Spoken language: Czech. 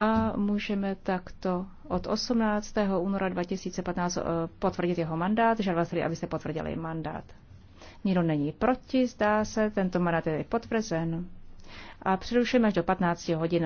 a můžeme takto od 18. února 2015 eh, potvrdit jeho mandát. Žádám tedy, abyste potvrdili mandát. Nikdo není proti, zdá se, tento mandát je potvrzen. A přerušujeme až do 15 hodin.